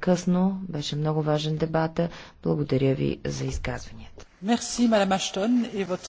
късно. Беше много важен дебата. Благодаря ви за изказванията. Merci,